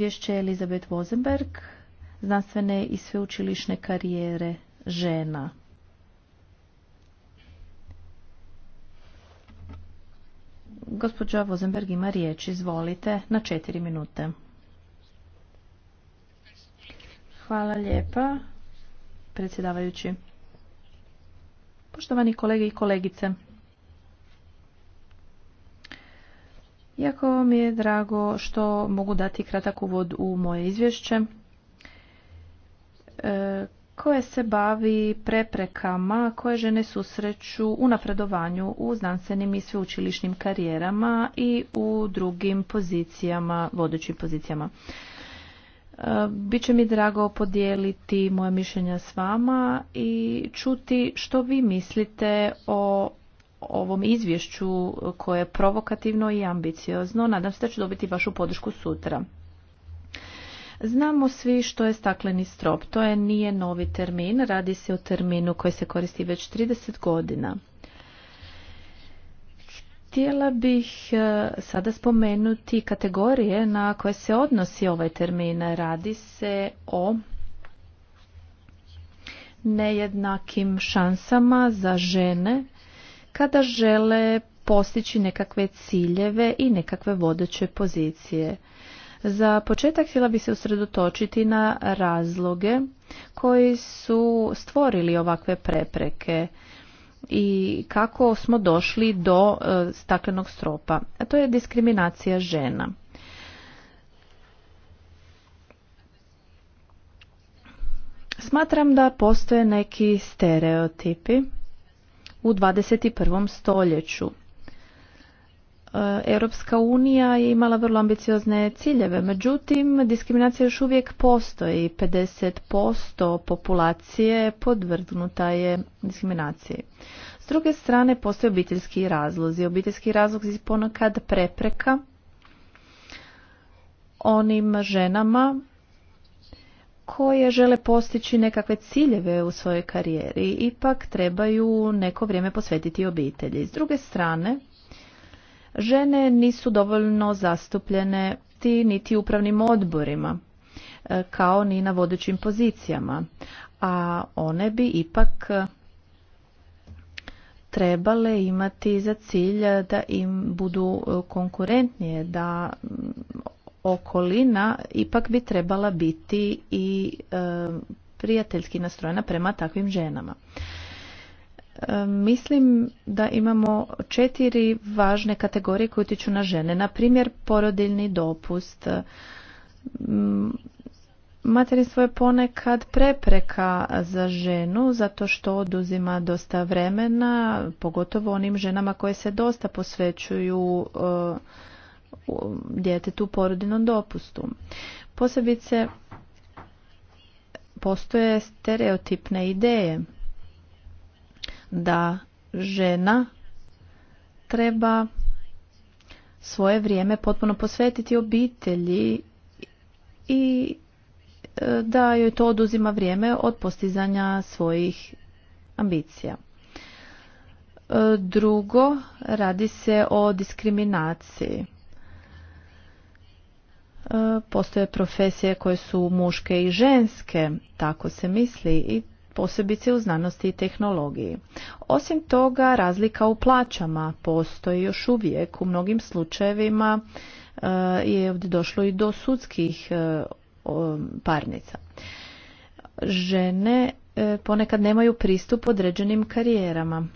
izvješće Elizabeth Wozenberg, znanstvene i sveučilišne karijere žena. Gospođa Vozenberg ima riječ, izvolite, na četiri minute. Hvala lijepa, predsjedavajući. Poštovani kolege i kolegice, Jako mi je drago što mogu dati kratak uvod u moje izvješće e, koje se bavi preprekama koje žene susreću u napredovanju u znanstvenim i sveučilišnim karijerama i u drugim pozicijama, vodećim pozicijama. E, Biće mi drago podijeliti moje mišljenja s vama i čuti što vi mislite o ovom izvješću koje je provokativno i ambiciozno. Nadam se da ću dobiti vašu podršku sutra. Znamo svi što je stakleni strop. To je nije novi termin, radi se o terminu koji se koristi već 30 godina. Htjela bih e, sada spomenuti kategorije na koje se odnosi ovaj termin. Radi se o nejednakim šansama za žene kada žele postići nekakve ciljeve i nekakve vodeće pozicije. Za početak htjela bi se usredotočiti na razloge koji su stvorili ovakve prepreke i kako smo došli do e, staklenog stropa. A to je diskriminacija žena. Smatram da postoje neki stereotipi u 21. stoljeću. E, Europska unija je imala vrlo ambiciozne ciljeve, međutim diskriminacija još uvijek postoji. 50% populacije podvrgnuta je diskriminaciji. S druge strane postoje obiteljski razlozi. Obiteljski razlog je ponekad prepreka onim ženama koje žele postići nekakve ciljeve u svojoj karijeri ipak trebaju neko vrijeme posvetiti obitelji. S druge strane, žene nisu dovoljno zastupljene ti niti upravnim odborima e, kao ni na vodećim pozicijama, a one bi ipak trebale imati za cilj da im budu konkurentnije, da okolina ipak bi trebala biti i prijateljski nastrojena prema takvim ženama. Mislim da imamo četiri važne kategorije koje utiču na žene. Na primjer, porodiljni dopust. Materinstvo je ponekad prepreka za ženu zato što oduzima dosta vremena, pogotovo onim ženama koje se dosta posvećuju e, djetetu porodinom dopustu. Posebice postoje stereotipne ideje da žena treba svoje vrijeme potpuno posvetiti obitelji i e, da joj to oduzima vrijeme od postizanja svojih ambicija. E, drugo, radi se o diskriminaciji. E, postoje profesije koje su muške i ženske, tako se misli i posebice u znanosti i tehnologiji. Osim toga, razlika u plaćama postoji još uvijek. U mnogim slučajevima e, je ovdje došlo i do sudskih e, parnica. Žene ponekad nemaju pristup određenim karijerama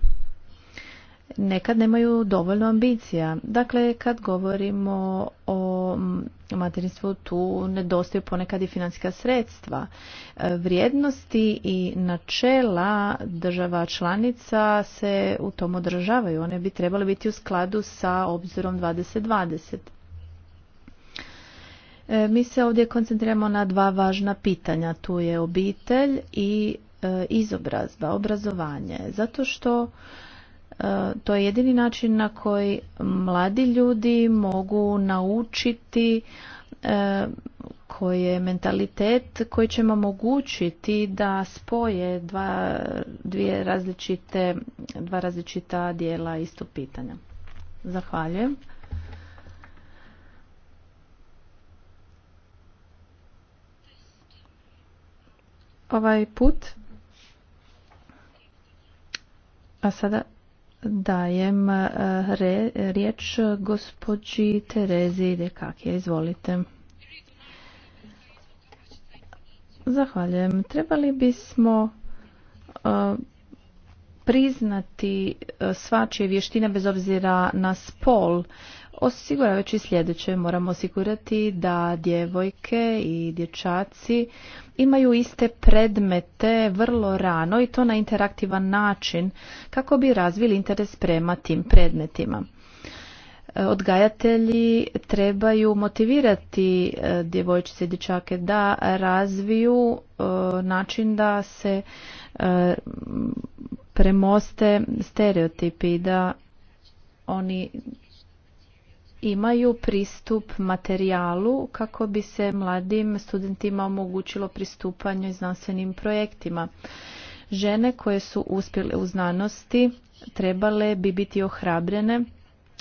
nekad nemaju dovoljno ambicija. Dakle, kad govorimo o mm, materinstvu, tu nedostaju ponekad i financijska sredstva. E, vrijednosti i načela država članica se u tom održavaju. One bi trebale biti u skladu sa obzirom 2020. E, mi se ovdje koncentriramo na dva važna pitanja. Tu je obitelj i e, izobrazba, obrazovanje. Zato što E, to je jedini način na koji mladi ljudi mogu naučiti e, koji je mentalitet koji će omogućiti da spoje dva, dvije različite, dva različita dijela istog pitanja. Zahvaljujem. Ovaj put. A sada dajem eh, riječ gospođi Terezi Dekakije, Izvolite. Zahvaljujem. Trebali bismo eh, priznati eh, svačije vještine bez obzira na spol. Osiguravajući sljedeće, moramo osigurati da djevojke i dječaci imaju iste predmete vrlo rano i to na interaktivan način kako bi razvili interes prema tim predmetima. E, odgajatelji trebaju motivirati e, djevojčice i dječake da razviju e, način da se premoste stereotipi da oni imaju pristup materijalu kako bi se mladim studentima omogućilo pristupanje znanstvenim projektima. Žene koje su uspjele u znanosti trebale bi biti ohrabrene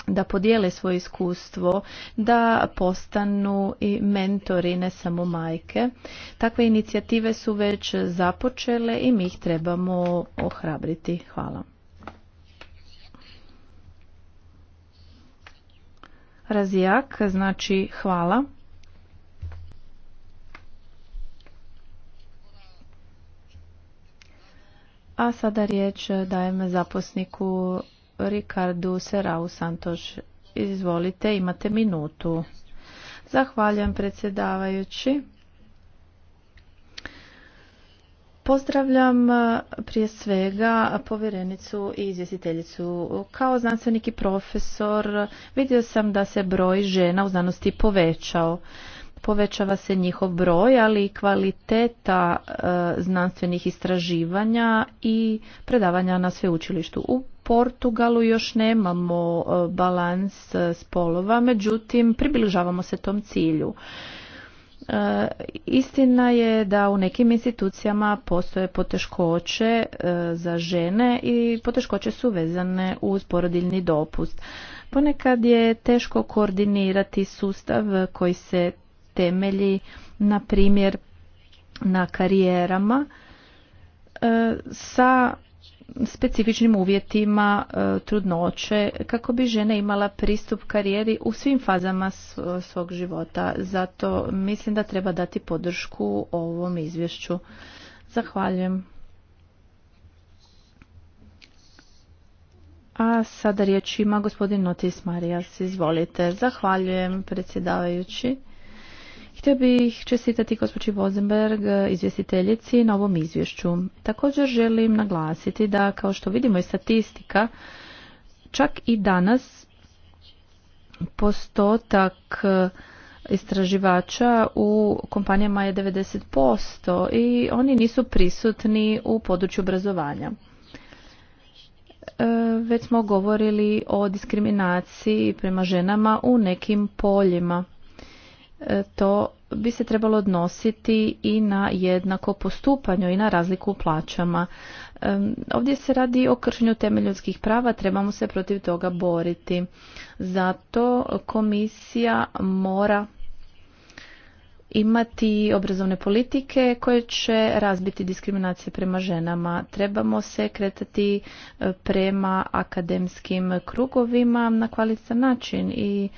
da podijele svoje iskustvo, da postanu i mentori, ne samo majke. Takve inicijative su već započele i mi ih trebamo ohrabriti. Hvala. Razijak znači hvala. A sada riječ dajem zaposniku Ricardu Serau Santoš. Izvolite, imate minutu. Zahvaljujem predsjedavajući. Pozdravljam e, prije svega povjerenicu i izvjestiteljicu. Kao znanstvenik i profesor vidio sam da se broj žena u znanosti povećao. Povećava se njihov broj, ali i kvaliteta e, znanstvenih istraživanja i predavanja na sveučilištu. U Portugalu još nemamo e, balans spolova, međutim približavamo se tom cilju. E, istina je da u nekim institucijama postoje poteškoće e, za žene i poteškoće su vezane uz porodiljni dopust. Ponekad je teško koordinirati sustav koji se temelji na primjer na karijerama e, sa specifičnim uvjetima e, trudnoće kako bi žena imala pristup karijeri u svim fazama svog života. Zato mislim da treba dati podršku ovom izvješću. Zahvaljujem. A sada riječ ima gospodin Notis Marijas. Izvolite. Zahvaljujem predsjedavajući. Htio bih čestitati gospođi Vozenberg, e, izvjestiteljici, na ovom izvješću. Također želim naglasiti da, kao što vidimo iz statistika, čak i danas postotak e, istraživača u kompanijama je 90% i oni nisu prisutni u području obrazovanja. E, već smo govorili o diskriminaciji prema ženama u nekim poljima E, to bi se trebalo odnositi i na jednako postupanje i na razliku u plaćama. E, ovdje se radi o kršenju temeljskih prava, trebamo se protiv toga boriti. Zato komisija mora imati obrazovne politike koje će razbiti diskriminacije prema ženama. Trebamo se kretati e, prema akademskim krugovima na kvalitetan način i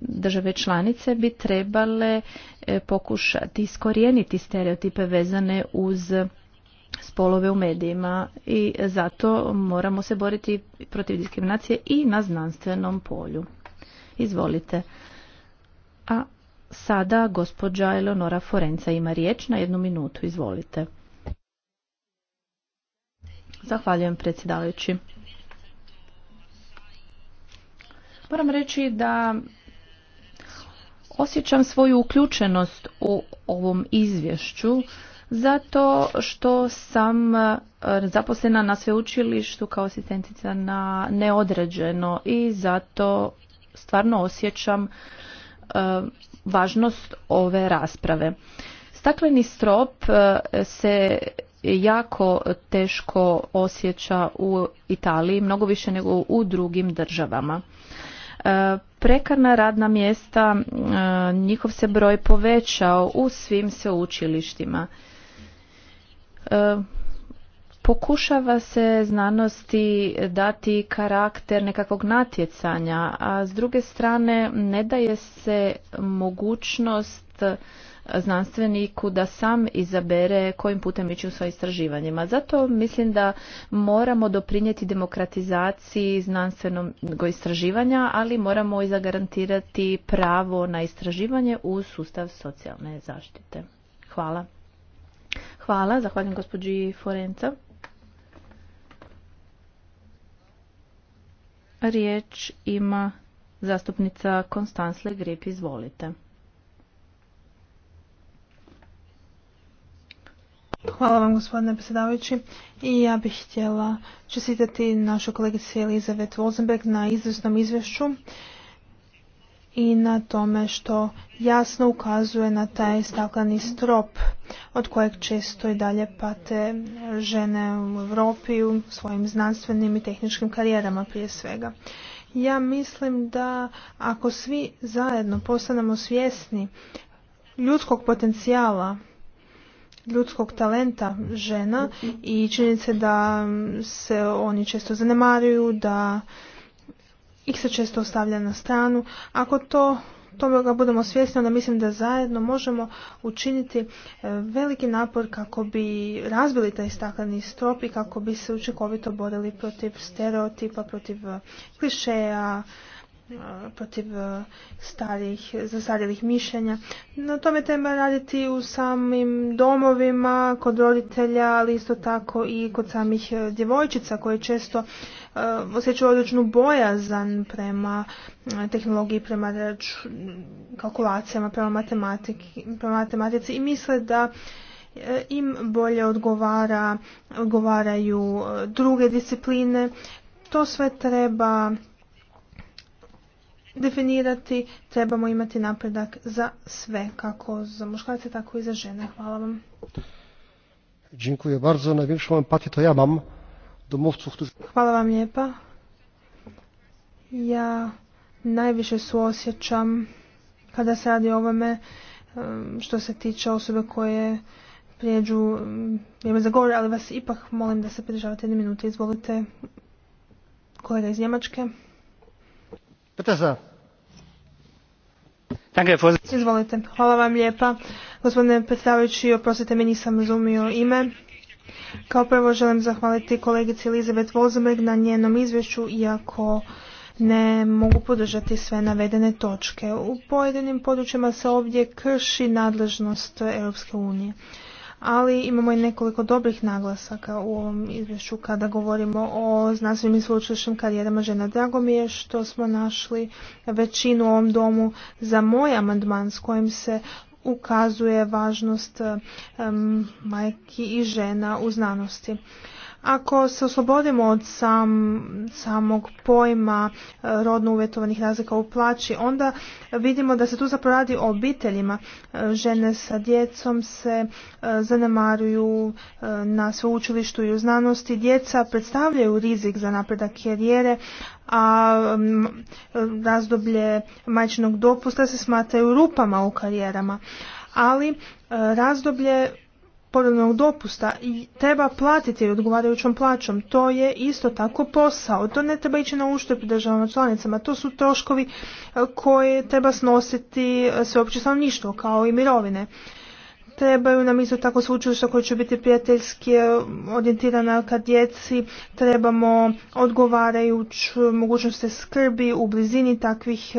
države članice bi trebale e, pokušati iskorijeniti stereotipe vezane uz spolove u medijima i zato moramo se boriti protiv diskriminacije i na znanstvenom polju. Izvolite. A sada gospođa Eleonora Forenca ima riječ na jednu minutu. Izvolite. Zahvaljujem predsjedavajući. Moram reći da Osjećam svoju uključenost u ovom izvješću zato što sam e, zaposlena na sveučilištu kao asistentica na neodređeno i zato stvarno osjećam e, važnost ove rasprave. Stakleni strop e, se jako teško osjeća u Italiji, mnogo više nego u drugim državama prekarna radna mjesta, e, njihov se broj povećao u svim sveučilištima. E, pokušava se znanosti dati karakter nekakvog natjecanja, a s druge strane ne daje se mogućnost E, znanstveniku da sam izabere kojim putem ići u svojim istraživanjima. Zato mislim da moramo doprinijeti demokratizaciji znanstvenog istraživanja, ali moramo i zagarantirati pravo na istraživanje u sustav socijalne zaštite. Hvala. Hvala, zahvaljujem gospođi Forenca. Riječ ima zastupnica Konstansle Grip, izvolite. Hvala vam gospodine predsjedavajući i ja bih htjela čestitati našoj kolegici Elizavet Wolzenberg na izvrsnom izvješću i na tome što jasno ukazuje na taj stakleni strop od kojeg često i dalje pate žene u Europi u svojim znanstvenim i tehničkim karijerama prije svega. Ja mislim da ako svi zajedno postanemo svjesni ljudskog potencijala ljudskog talenta žena i činjenice da se oni često zanemaruju, da ih se često ostavlja na stranu. Ako to toga budemo svjesni, onda mislim da zajedno možemo učiniti e, veliki napor kako bi razbili taj stakleni strop i kako bi se učinkovito borili protiv stereotipa, protiv e, klišeja, protiv starih, zastarjelih mišljenja. Na tome treba raditi u samim domovima, kod roditelja, ali isto tako i kod samih e, djevojčica koje često e, osjećaju određenu bojazan prema e, tehnologiji, prema kalkulacijama, prema, prema matematici i misle da im bolje odgovara, odgovaraju druge discipline. To sve treba definirati, trebamo imati napredak za sve, kako za muškarce, tako i za žene. Hvala vam. Dziękuję bardzo. Największą empatię to ja mam do mówców, którzy... Hvala vam lijepa. Ja najviše suosjećam kada se radi o ovome što se tiče osobe koje prijeđu vrijeme za govor, ali vas ipak molim da se pridržavate jedne minute. Izvolite kolega iz Njemačke. Hvala vam lijepa. Gospodine predsjedavajući, oprostite mi nisam razumio ime. Kao prvo želim zahvaliti kolegici Elizabeth Vozenberg na njenom izvješću, iako ne mogu podržati sve navedene točke. U pojedinim područjima se ovdje krši nadležnost Europske unije ali imamo i nekoliko dobrih naglasaka u ovom izvješću kada govorimo o znanstvenim i sveučilišnim karijerama žena. Drago mi je što smo našli većinu u ovom domu za moj amandman s kojim se ukazuje važnost majki i žena u znanosti. Ako se oslobodimo od sam, samog pojma e, rodno uvjetovanih razlika u plaći, onda vidimo da se tu zapravo radi o obiteljima. E, žene sa djecom se e, zanemaruju na sveučilištu i u znanosti. Djeca predstavljaju rizik za napredak karijere, a razdoblje majčinog dopusta se smatraju rupama u karijerama. Ali razdoblje porodnog dopusta i treba platiti odgovarajućom plaćom. To je isto tako posao. To ne treba ići na uštep državama članicama. To su troškovi e, koje treba snositi e, sveopće stanovništvo kao i mirovine. Trebaju nam isto tako sveučilišta koje će biti prijateljski e, orijentirana ka djeci. Trebamo odgovarajuću mogućnosti skrbi u blizini takvih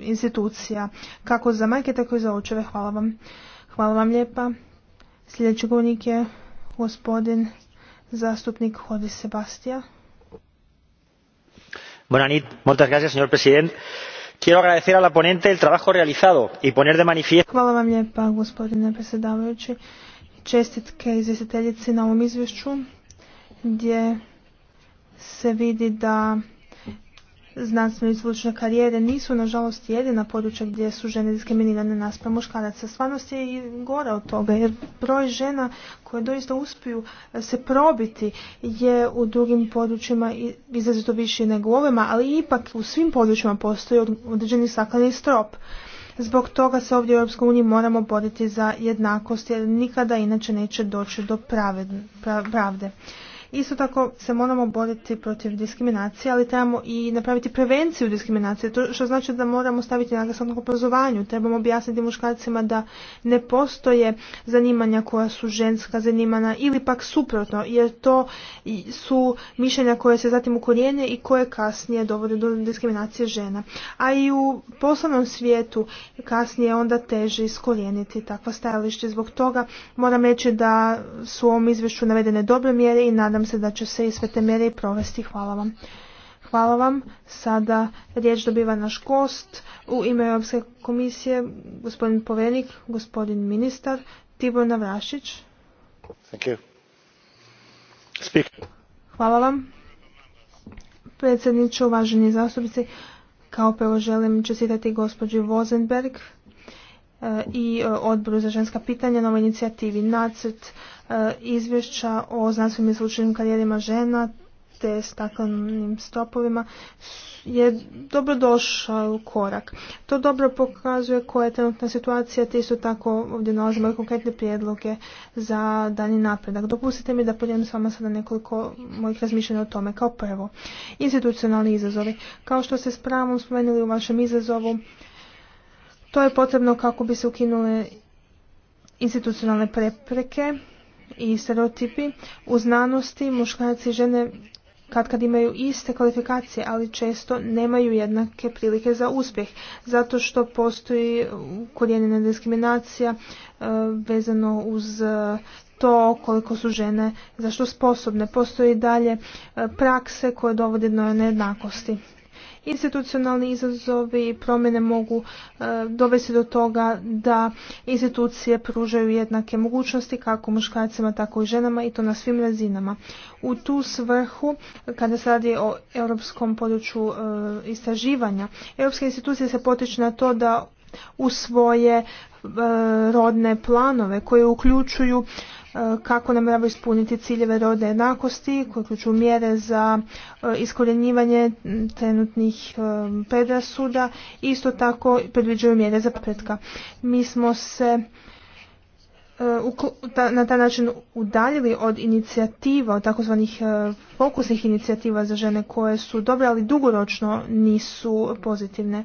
institucija. Kako za majke, tako i za očeve. Hvala vam. Hvala vam lijepa. Sljedeći govornik je gospodin zastupnik Hodi Sebastija. nit, muchas gracias, señor presidente. Quiero agradecer a la ponente el trabajo realizado y poner de manifiesto. Hvala vam lijepa, gospodine predsjedavajući. Čestitke izvjestiteljici na ovom izvješću gdje se vidi da Znanstveno i karijere nisu nažalost jedina područja gdje su žene diskriminirane naspram muškaraca. Stvarnost je i gora od toga jer broj žena koje doista uspiju e, se probiti je u drugim područjima izrazito više nego u ovima, ali ipak u svim područjima postoji određeni sakleni strop. Zbog toga se ovdje u EU moramo boriti za jednakost jer nikada inače neće doći do pravde. Isto tako se moramo boriti protiv diskriminacije, ali trebamo i napraviti prevenciju diskriminacije, to što znači da moramo staviti naglasak na obrazovanju, trebamo objasniti muškarcima da ne postoje zanimanja koja su ženska zanimanja ili pak suprotno, jer to su mišljenja koje se zatim ukorijene i koje kasnije dovode do diskriminacije žena. A i u poslovnom svijetu kasnije onda teže iskorijeniti takva stajalište. Zbog toga moram reći da su u ovom izvješću navedene dobre mjere i nadam se da će se i sve te i provesti. Hvala vam. Hvala vam. Sada riječ dobiva naš gost u ime Europske komisije, gospodin Povenik, gospodin ministar, Tibor Navrašić. Thank you. Speak. Hvala vam. Predsjedniče, uvaženi zastupnici, kao prvo želim čestitati gospođi Vozenberg e, i e, odboru za ženska pitanja na ovoj inicijativi nacrt E, izvješća o znanstvenim i slučajnim karijerima žena te staklenim stopovima je dobro došao korak. To dobro pokazuje koja je trenutna situacija, te isto tako ovdje nalazimo i konkretne prijedloge za dani napredak. Dopustite mi da podijelim s vama sada nekoliko mojih razmišljanja o tome. Kao prvo, institucionalni izazovi. Kao što ste s pravom spomenuli u vašem izazovu, to je potrebno kako bi se ukinule institucionalne prepreke i stereotipi. U znanosti muškarci i žene kad kad imaju iste kvalifikacije, ali često nemaju jednake prilike za uspjeh, zato što postoji korijenina diskriminacija e, vezano uz e, to koliko su žene zašto sposobne. Postoji dalje e, prakse koje dovode do nejednakosti institucionalni izazovi i promjene mogu e, dovesti do toga da institucije pružaju jednake mogućnosti kako muškarcima tako i ženama i to na svim razinama. U tu svrhu, kada se radi o europskom području e, istraživanja, europske institucije se potiču na to da u svoje e, rodne planove koje uključuju e, kako nam namjeravaju ispuniti ciljeve rodne jednakosti, koje uključuju mjere za e, iskorjenjivanje trenutnih predrasuda i isto tako predviđaju mjere za pretka. Mi smo se na taj način udaljili od inicijativa, od takozvanih fokusnih inicijativa za žene koje su dobre, ali dugoročno nisu pozitivne.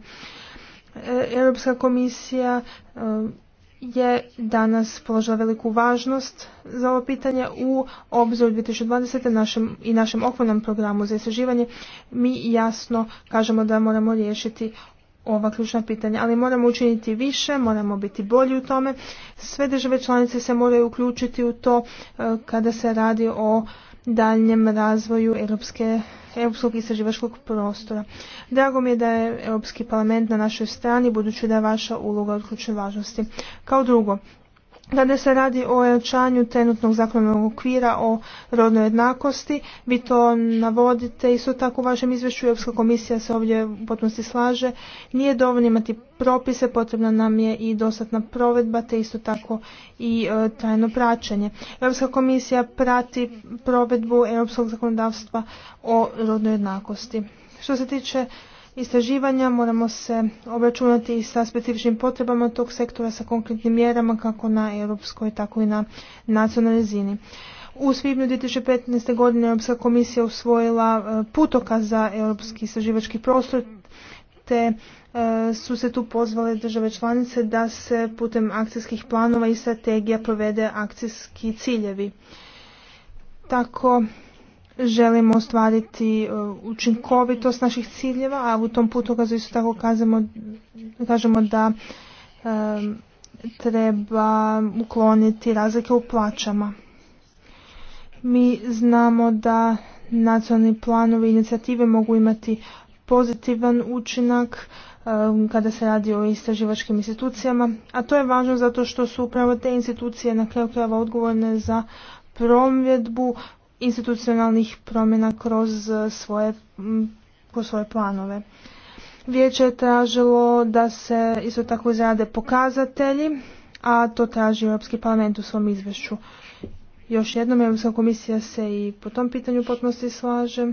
E, Europska komisija e, je danas položila veliku važnost za ovo pitanje u obzoru 2020. Našem, i našem okvirnom programu za istraživanje. Mi jasno kažemo da moramo riješiti ova ključna pitanja, ali moramo učiniti više, moramo biti bolji u tome. Sve države članice se moraju uključiti u to e, kada se radi o daljnjem razvoju europske, europskog istraživačkog prostora. Drago mi je da je Europski parlament na našoj strani, budući da je vaša uloga od ključne važnosti. Kao drugo, kada se radi o ojačanju trenutnog zakonodavnog okvira o rodnoj jednakosti, vi to navodite isto tako u vašem izvješću, Europska komisija se ovdje u potpunosti slaže, nije dovoljno imati propise, potrebna nam je i dostatna provedba, te isto tako i tajno e, trajno praćenje. Europska komisija prati provedbu europskog zakonodavstva o rodnoj jednakosti. Što se tiče istraživanja moramo se obračunati i sa specifičnim potrebama tog sektora sa konkretnim mjerama kako na europskoj tako i na nacionalnoj razini. U svibnju 2015. godine Europska komisija usvojila e, putoka za europski istraživački prostor te e, su se tu pozvale države članice da se putem akcijskih planova i strategija provede akcijski ciljevi. Tako želimo ostvariti e, učinkovitost naših ciljeva, a u tom putu isto tako kažemo, kažemo da e, treba ukloniti razlike u plaćama. Mi znamo da nacionalni planovi i inicijative mogu imati pozitivan učinak e, kada se radi o istraživačkim institucijama, a to je važno zato što su upravo te institucije na kraju krajeva odgovorne za promjedbu institucionalnih promjena kroz eh, svoje, kroz svoje planove. Vijeće je tražilo da se isto tako izrade pokazatelji, a to traži Europski parlament u svom izvješću. Još jednom, Europska komisija se i po tom pitanju potnosti slaže.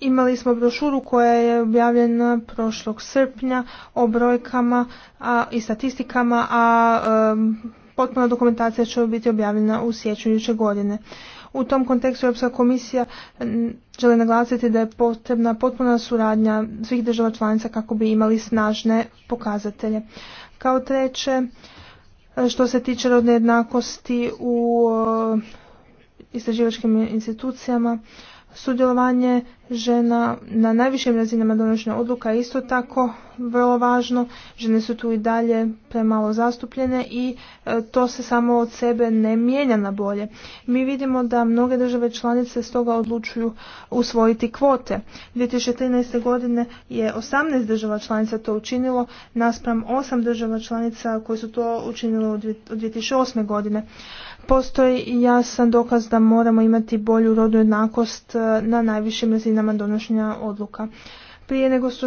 Imali smo brošuru koja je objavljena prošlog srpnja o brojkama a, i statistikama, a potpuna dokumentacija će biti objavljena u sjeću godine. U tom kontekstu Europska komisija želi naglasiti da je potrebna potpuna suradnja svih država članica kako bi imali snažne pokazatelje. Kao treće, što se tiče rodne jednakosti u e, istraživačkim institucijama, sudjelovanje žena na najvišim razinama donošenja odluka je isto tako vrlo važno. Žene su tu i dalje premalo zastupljene i e, to se samo od sebe ne mijenja na bolje. Mi vidimo da mnoge države članice stoga odlučuju usvojiti kvote. 2013. godine je 18 država članica to učinilo, naspram 8 država članica koje su to učinile od 2008. godine postoji jasan dokaz da moramo imati bolju rodnu jednakost e, na najvišim razinama donošenja odluka. Prije nego što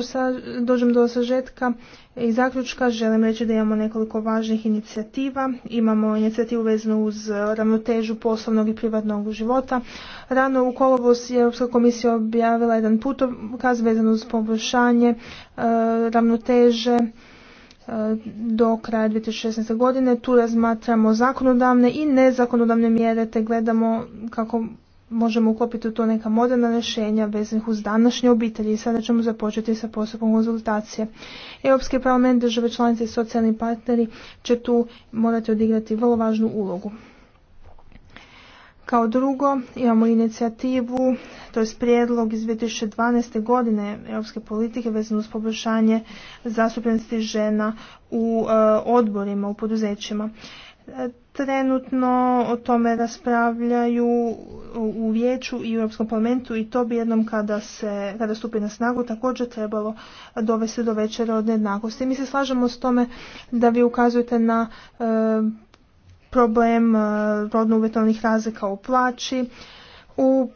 dođem do sažetka i zaključka, želim reći da imamo nekoliko važnih inicijativa. Imamo inicijativu vezanu uz ravnotežu poslovnog i privatnog života. Rano u kolovos je Europska komisija objavila jedan putokaz vezan uz poboljšanje e, ravnoteže do kraja 2016. godine. Tu razmatramo zakonodavne i nezakonodavne mjere te gledamo kako možemo uklopiti u to neka moderna rješenja vezanih uz današnje obitelji i sada ćemo započeti sa postupom konzultacije. Europski parlament, države članice i socijalni partneri će tu morati odigrati vrlo važnu ulogu. Kao drugo, imamo inicijativu, to je prijedlog iz 2012. godine europske politike vezano uz poboljšanje zastupljenosti žena u e, odborima, u poduzećima. E, trenutno o tome raspravljaju u vijeću i u Europskom parlamentu i to bi jednom kada, se, kada stupi na snagu također trebalo dovesti do veće rodne jednakosti. Mi se slažemo s tome da vi ukazujete na e, problem e, rodno uvjetovanih razlika u plaći. U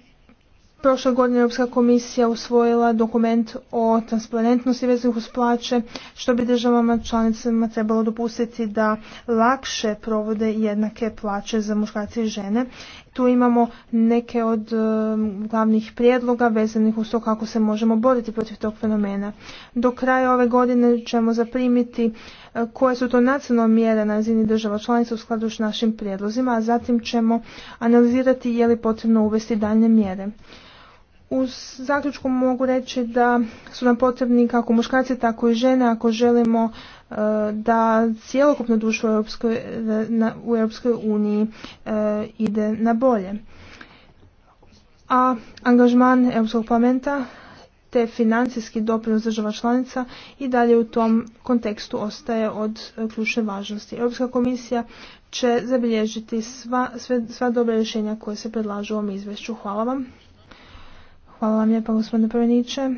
prošloj godini Europska komisija usvojila dokument o transparentnosti vezanih uz plaće, što bi državama članicama trebalo dopustiti da lakše provode jednake plaće za muškarce i žene tu imamo neke od eh, glavnih prijedloga vezanih uz to kako se možemo boriti protiv tog fenomena. Do kraja ove godine ćemo zaprimiti eh, koje su to nacionalne mjere na razini država članica u skladu s našim prijedlozima, a zatim ćemo analizirati je li potrebno uvesti daljne mjere. U zaključku mogu reći da su nam potrebni kako muškarci, tako i žene ako želimo e, da cjelokupno društvo u Europskoj, uniji e, ide na bolje. A angažman Europskog parlamenta te financijski doprinos država članica i dalje u tom kontekstu ostaje od ključne važnosti. Europska komisija će zabilježiti sva, dobra rješenja koje se predlažu u ovom izvješću. Hvala vam. Hvala vam lijepa gospodine Prveniče.